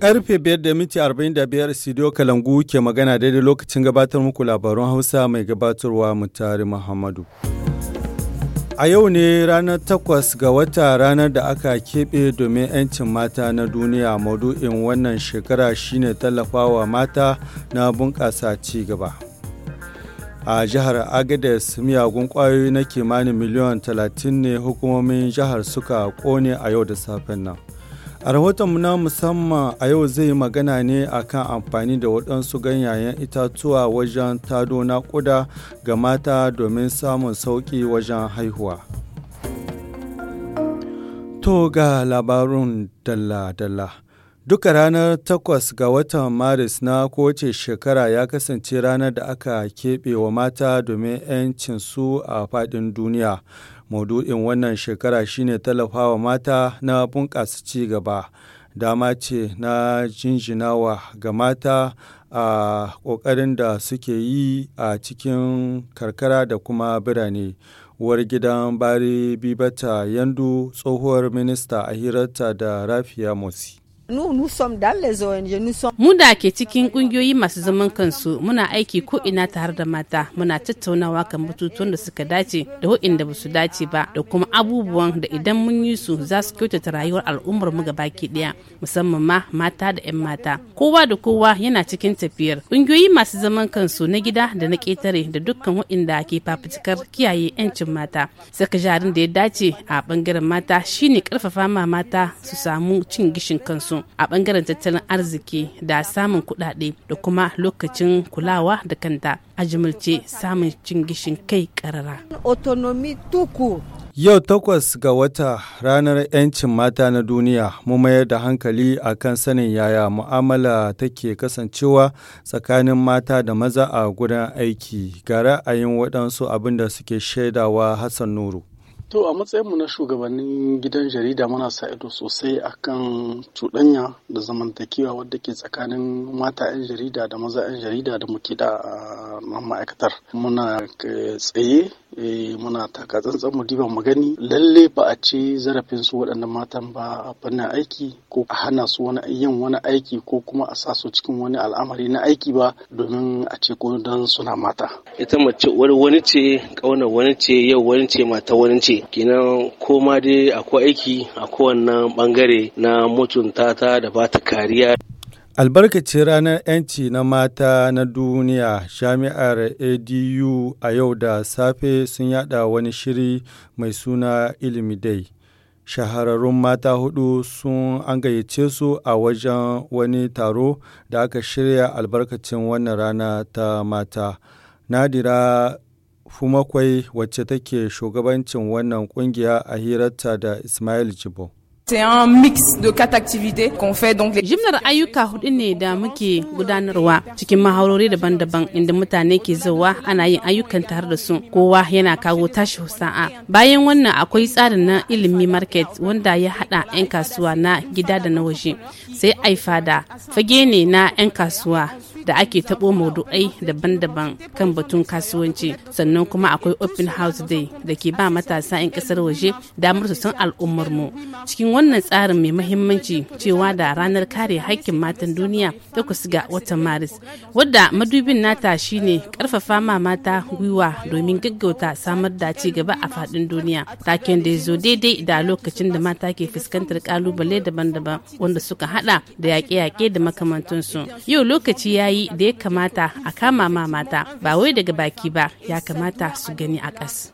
Karfe biyar da Kalangu ke magana daidai lokacin gabatar muku labarun Hausa mai gabatarwa Mutari Muhammadu. A yau ne ranar takwas ga wata ranar da aka keɓe domin 'yancin mata na duniya maudu'in wannan shekara shine tallafawa mata na bunƙasa ci gaba. A jihar Agadez miyagun ƙwayoyi na kimanin miliyan 30 ne hukumomin jihar suka kone a yau da safen nan. A rahoton na musamman a yau zai magana ne akan amfani da waɗansu ganyayen itatuwa wajen tado na naƙuda ga mata domin samun sauƙi wajen haihuwa. To ga labarun dalla-dalla. Duka ranar takwas ga watan Maris na kowace shekara ya kasance ranar da aka keɓe wa mata domin 'yancinsu a faɗin duniya. Maudu'in wannan shekara shine tallafawa mata na bunƙasa ci gaba. Dama ce na jinjinawa ga mata a ƙoƙarin da suke yi a cikin karkara da kuma birane. uwar gidan Bari Bibata Yandu tsohuwar minista a hirarta da Rafiya Motsi. Mu da ke cikin kungiyoyi masu zaman kansu muna aiki ko ina tare da mata muna tattaunawa kan batutuwan da suka dace da waɗanda da basu dace ba da kuma abubuwan da idan mun yi su za su kyautata rayuwar al'ummar mu baki daya musamman ma mata da 'yan mata. Kowa da kowa yana cikin tafiyar. Kungiyoyi masu zaman kansu na gida da na ketare da dukkan da ke fafutukar kiyaye 'yancin mata. Saka jarin da ya dace a bangaren mata shine karfafa ma mata su samu cin gishin kansu. a bangaren tattalin arziki da samun kudade da kuma lokacin kulawa da kanta a jimilce samun cin gishin kai karara. Yau takwas ga wata ranar 'yancin mata na duniya mu mayar da hankali a kan sanin yaya mu'amala take kasancewa tsakanin mata da maza a gudan aiki ga ra'ayin waɗansu abinda suke shaidawa Hassan Nuru. To a matsayinmu na shugabannin gidan jarida muna sa ido sosai akan cuɗanya da zamantakewa wadda ke tsakanin mata 'yan jarida da maza 'yan jarida da muke da ma'aikatar muna tsaye eh, muna taka tsantsan mu diba magani. lalle ba a ce zarafin su waɗannan matan ba a fannin aiki ko a hana su wani yin wani aiki ko kuma a sa su cikin wani al'amari na aiki ba domin a ce ko don suna mata ita mace wani wani ce kauna wani ce yau wani ce mata wani ce kenan ko ma dai akwai aiki a kowane bangare na mutunta ta da ba ta kariya Albarkacin Ranar 'Yanci na Mata na Duniya, Jami'ar ADU a yau da safe sun yada wani shiri mai suna Ilimi dai Shahararrun mata hudu sun an gayyace su a wajen wani taro da aka shirya albarkacin wannan rana ta mata. Nadira Fumakwai wacce take shugabancin wannan kungiya a hirarta da Ismail Jibo. C'est un mix de quatre activités qu'on fait donc les jimnar ayuka hudu ne da muke gudanarwa cikin mahaurori daban-daban inda mutane ke zuwa ana yin ayyukan tare da su kowa yana kawo tashi sa'a bayan wannan akwai tsarin na ilimi market wanda ya hada 'yan kasuwa na gida da na waje sai aifa da fage ne na 'yan kasuwa da ake taɓo maudu'ai daban-daban kan batun kasuwanci sannan kuma akwai open house day da ke ba matasa 'yan kasar waje damar su san al'ummar mu cikin wannan tsarin mai mahimmanci cewa da ranar kare haƙƙin matan duniya takwas ga watan maris wadda madubin nata shine karfafa ma mata gwiwa domin gaggauta samar da ci gaba a faɗin duniya taken da ya zo daidai da lokacin da mata ke fuskantar kalubale daban-daban wanda suka hada da yaƙe-yaƙe da makamantansu yau lokaci ya yi da ya kamata a kama ma mata ba wai daga baki ba ya kamata su gani a ƙas.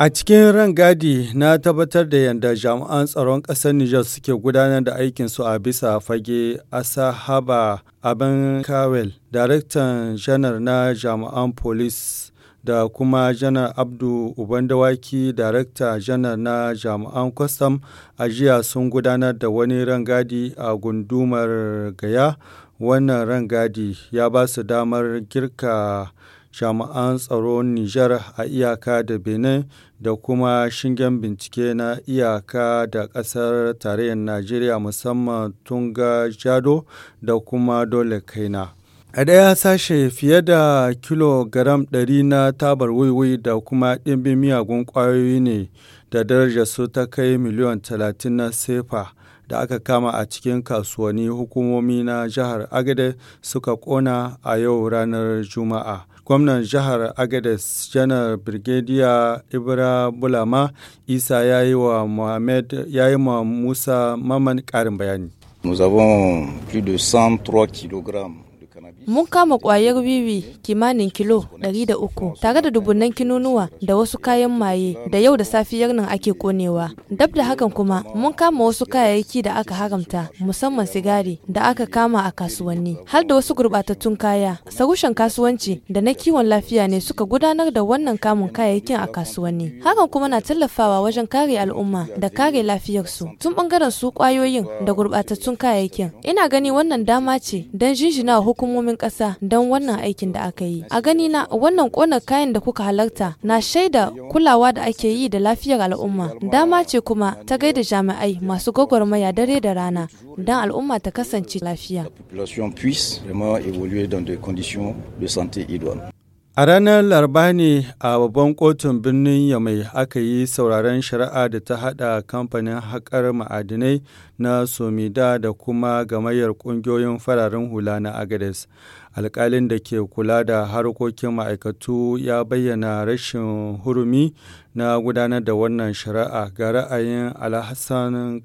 A cikin rangadi na tabbatar da yadda jami'an tsaron ƙasar Nijar suke gudanar da aikinsu a bisa fage Asahaba abin Kawel, Daraktan Janar na jami'an Polis da kuma Janar Abdu Ubandawaki, Darakta Janar na jami'an Kwastam a jiya sun gudanar da wani rangadi a gundumar Gaya. Wannan rangadi ya ba su damar girka jami'an tsaron Nijar a iyaka da Benin da kuma shingen bincike na iyaka da ƙasar tarayyar Najeriya musamman Tunga Jado da kuma Dole Kaina. A ɗaya sashe fiye da kilogram ɗari na tabar wiwi da kuma ɗimbin miyagun ƙwayoyi ne da darajar su ta kai miliyan talatin na sefa da aka kama a cikin kasuwanni hukumomi na jihar Agade suka ƙona a yau ranar Juma'a. gwamnan jihar agadez janar brigadier ibra bulama isa ya yi wa muhammad ya yi musa maman karin bayani Nous avons plus de 103 kg Mun kama ƙwayar wiwi kimanin kilo 300 tare da dubunan kinunuwa da wasu kayan maye da yau da safiyar nan ake konewa. Dab da hakan kuma mun kama wasu kayayyaki da aka haramta musamman sigari da aka kama a kasuwanni. Har da wasu gurɓatattun kaya, sarushen kasuwanci da na kiwon lafiya ne suka gudanar da wannan kamun kayayyakin a kasuwanni. Hakan kuma na tallafawa wajen kare al'umma da kare lafiyarsu tun bangaren su ƙwayoyin da gurɓatattun kayayyakin. Ina gani wannan dama ce don jinjina hukumomin ƙasa don wannan aikin da aka yi. A gani na wannan ƙona kayan da kuka halarta na shaida kulawa da ake yi da lafiyar al'umma. Dama ce kuma ta gaida jami'ai masu gwagwarmaya dare da rana don al'umma ta kasance lafiya. La population puisse vraiment évoluer dans des conditions de santé idoines. A ranar Laraba ne a babban kotun birnin Yamai aka yi sauraron shari'a da ta haɗa kamfanin haƙar ma'adinai na Somida da kuma gamayyar ƙungiyoyin fararen hula na Agades. Alƙalin da ke kula da harkokin ma'aikatu ya bayyana rashin hurumi na gudanar da wannan shari'a ga ra'ayin Alhassan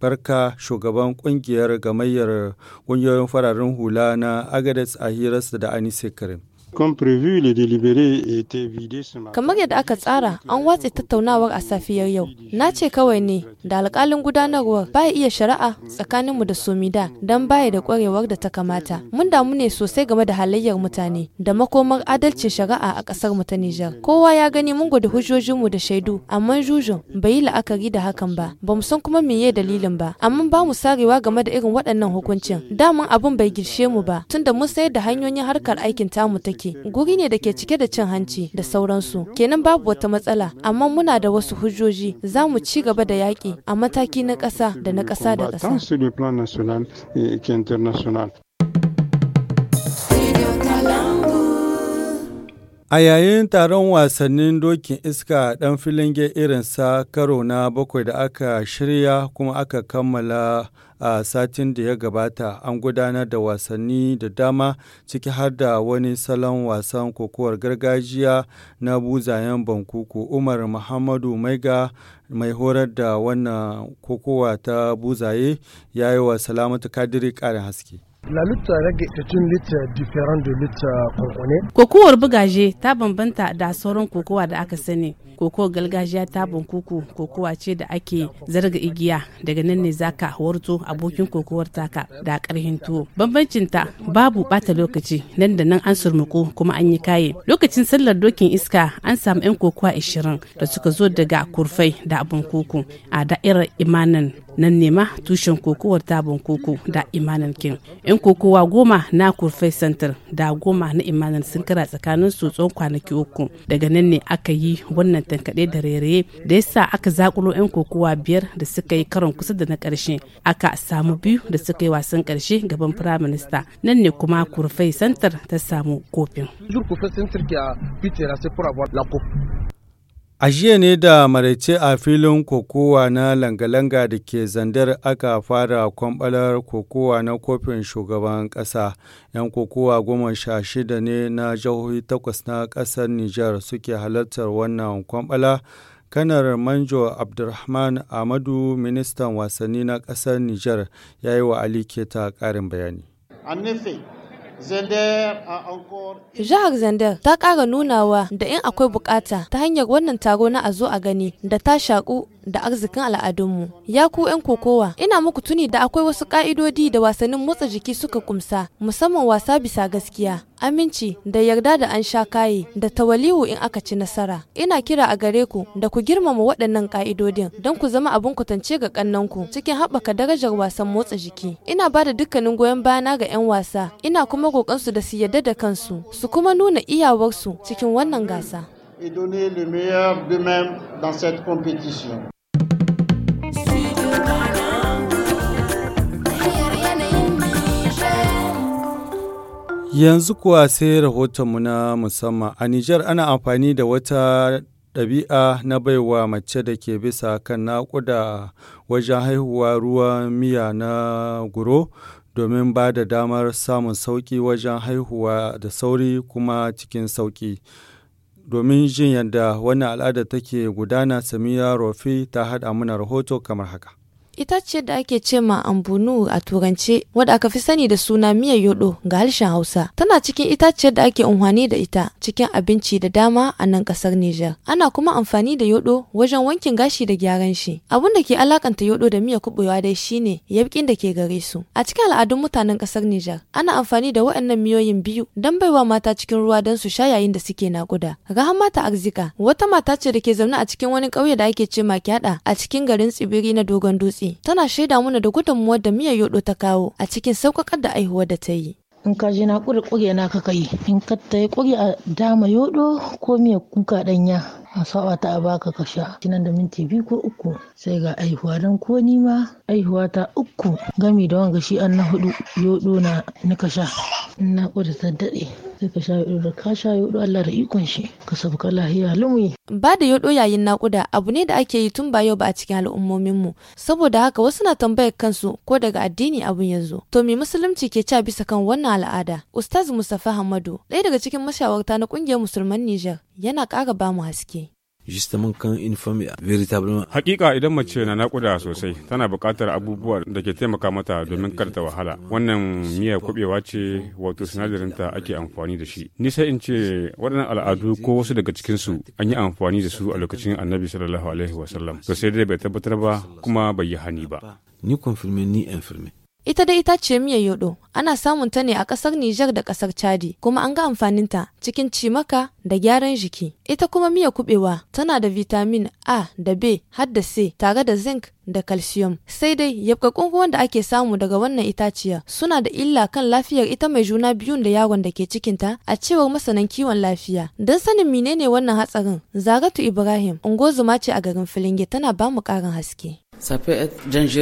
barka shugaban ƙungiyar gamayyar ƙungiyoyin fararen hula na agades a hirarsa da anise Kamar yadda aka tsara, an watse tattaunawar a safiyar yau. Na ce kawai ne da alkalin gudanarwar baya iya shari'a tsakaninmu da Somida don baya da kwarewar da ta kamata. Mun damu ne sosai game da halayyar mutane da makomar adalcin shari'a a ƙasar mu ta Nijar. Kowa ya gani mun gwada hujjojinmu da shaidu, amma jujun bai yi la'akari da hakan ba. Ba mu san kuma meye dalilin ba, amma ba mu sarewa game da irin waɗannan hukuncin. Daman abin bai girshe mu ba, tunda mun sayar da hanyoyin harkar aikin tamu take. guri ne da ke cike da cin hanci da sauransu kenan babu wata matsala amma muna da wasu hujjoji za mu ci gaba da yaƙi a mataki na ƙasa da na ƙasa da ƙasa A yayin taron wasannin dokin iska dan filin irinsa karo na bakwai da aka shirya kuma aka kammala a satin da ya gabata an gudanar da wasanni da dama ciki har da wani salon wasan kokowar gargajiya na buzayen bankuku umar muhammadu maiga mai horar da wannan kokowa ta buzaye ya yi wa salamatu kadiri ƙarin haske La lutte une lutte différente de lutte euh, Kokowar bugaje ta bambanta da sauran kokowa da aka sani. koko galgajiya ta bankuku kokowa ce da ake zarga igiya daga nan ne zaka warto abokin kokowar taka da karhin tuwo. Bambancin ta babu bata lokaci nan da nan an surmuku kuma an yi kaye. Lokacin sallar dokin iska an samu yan kokowa 20 da suka zo daga kurfai da abun kuku a da'irar imanin nan nema tushen kokowar tabon koko da imanin kin yan kokowa goma na kurfai center da goma na imanin sun kara tsakanin su tsawon kwanaki uku daga nan ne aka yi wannan tankaɗe da rairaye da yasa aka zakulo yan kokowa biyar da suka yi karon kusa da na ƙarshe aka samu biyu da suka yi wasan ƙarshe gaban prime minister. nan ne kuma kurfai center ta samu kofin. A jiya ne da maraice a filin kokowa na langalanga da ke zandar aka fara kwamɓalar kokowa na kofin shugaban ƙasa. 'Yan kokowa goma sha shida ne na jihohi takwas na ƙasar Nijar suke halartar wannan kwamɓala. Kanar Manjo Abdulrahman Amadu, ministan wasanni na ƙasar Nijar, ya yi wa Ali Keta ƙarin bayani. Jihar zender ta ƙara nunawa da in akwai bukata ta hanyar wannan taro na a zo a gani da ta shaƙu da arzikin al'adunmu. Ya ku 'yan kokowa, ina muku tuni da akwai wasu ƙa'idodi da wasannin motsa jiki suka kumsa, musamman wasa bisa gaskiya. aminci da yarda da an sha kaye da tawali'u in aka ci nasara ina kira a gare ku da ku girmama waɗannan ka'idodin don ku zama abin kwatance ga ku cikin haɓaka darajar wasan motsa jiki ina ba da dukkanin goyon bayana ga 'yan wasa ina kuma roƙonsu da su yarda da kansu su kuma nuna iyawarsu cikin wannan gasa et donner le meilleur d'eux-mêmes dans cette compétition. Yanzu kuwa sai rahotonmu na musamman a Nijar ana amfani da wata ɗabi'a na baiwa mace da ke bisa kan naƙuda wajen haihuwa ruwan miya na guro domin ba da damar samun sauƙi wajen haihuwa da sauri kuma cikin sauƙi. Domin jin yadda wannan al'ada take gudana, Samira Rofi ta haɗa mana rahoto kamar haka. Ita ce da ake ce ma ambunu a turance wadda aka fi sani da suna miya yodo ga harshen Hausa. Tana cikin itace da ake amfani da ita cikin abinci da dama a nan kasar Nijar. Ana kuma amfani da yodo wajen wankin gashi da gyaran shi. Abun da ke alakanta yodo da miya kubewa dai shine yabkin da ke gare su. A cikin al'adun mutanen kasar Nijar, ana amfani da waɗannan miyoyin biyu don baiwa mata cikin ruwa don su sha yayin da suke naƙuda. Rahama ta arzika wata mata ce da ke zaune a cikin wani ƙauye da ake ce ma kyada a cikin garin tsibiri na dogon dutse. ce tana shaida mana da gudunmuwar da miyar yodo ta kawo a cikin sauƙaƙar da aihuwa da ta yi. in ka ji na kuri ƙure na ka kai in ka ta yi a dama yodo ko miya kuka ɗanya a sawa ta a baka ka sha kinan da minti biyu ko uku sai ga aihuwa don ko nima ma aihuwa ta uku gami da wanga shi an na hudu yodo na kasha sha in na ta daɗe sai ka sha yodo da ka sha yodo Allah da ikon shi ka sabuka lahiya lumi. Ba da yodo yayin nakuda abu ne da ake yi tun ba yau ba a cikin al'ummomin mu saboda haka wasu na tambayar kansu ko daga addini abun yanzu. zo. To me musulunci ke ca bisa kan wannan al'ada? Ustaz Mustafa Hamadu ɗaya daga cikin mashawarta na ƙungiyar musulman Nijar yana ƙara ba mu haske. justement quand une femme véritablement hakika idan mace na nakuda sosai tana buƙatar abubuwa da ke taimaka mata domin kar ta wahala wannan miyar kubewa ce wato sinadarin ta ake amfani da shi nisa in ce waɗannan al'adu ko wasu daga cikin su an yi amfani da su a lokacin annabi sallallahu alaihi wasallam to sai dai bai tabbatar ba kuma bai yi hani ba ni confirmer ni infirmer. Ita dai itaciyar miyar yodo ana samun ta ne a ƙasar Nijar da ƙasar Chadi kuma an ga amfaninta cikin cimaka da gyaran jiki. Ita kuma miyar kubewa tana da vitamin A da B har da C tare da zinc da calcium. Sai dai yabkakkun ruwan da ake samu daga wannan itaciyar suna da illa kan lafiyar ita mai juna biyun da yaron da ke cikinta a cewar masanan kiwon lafiya. Don sanin menene wannan hatsarin, Zaratu Ibrahim ungozuma ce a garin Filinge tana ba mu ƙarin haske.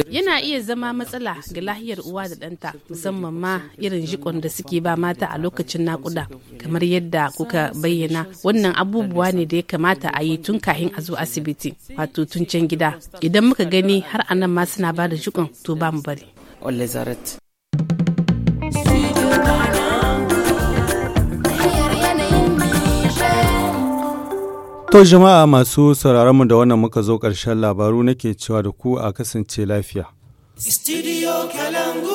Yana iya zama matsala ga lahiyar uwa da ɗanta musamman ma irin jikon da suke ba mata a lokacin nakuda kamar yadda kuka bayyana wannan abubuwa ne da ya kamata a yi tun kahin a zo asibiti wato tun can gida idan muka gani har anan ma suna ba da jikon to ba mu bari. To jama'a masu sauraronmu da wannan muka zo ƙarshen labaru nake cewa da ku a kasance lafiya. Studio Kalangu.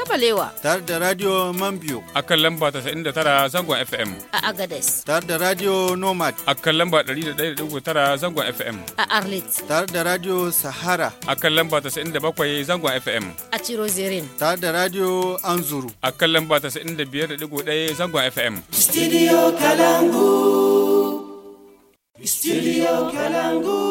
Kabalewa. Tare da Radio mambio. A kan lamba tara zangon FM. A Agades. Tare da Radio Nomad. A kan lamba tara zangon FM. A Arlit. Tare da Radio Sahara. A kan lamba bakwai zangon FM. A Chirozirin. Tare da Radio Anzuru. A kan lamba biyar 95.1 zangon FM. Studio Kalangu. Studio Kalangu.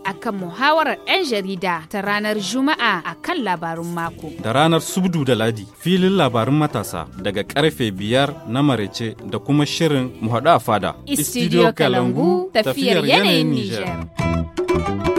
akan muhawarar 'yan jarida ta ranar Juma'a a kan labarun mako. Da ranar Subdu da Ladi filin labarun matasa daga karfe biyar na marece da kuma shirin muhaɗu a fada. Studio Kalangu tafiyar yanayin Nijar.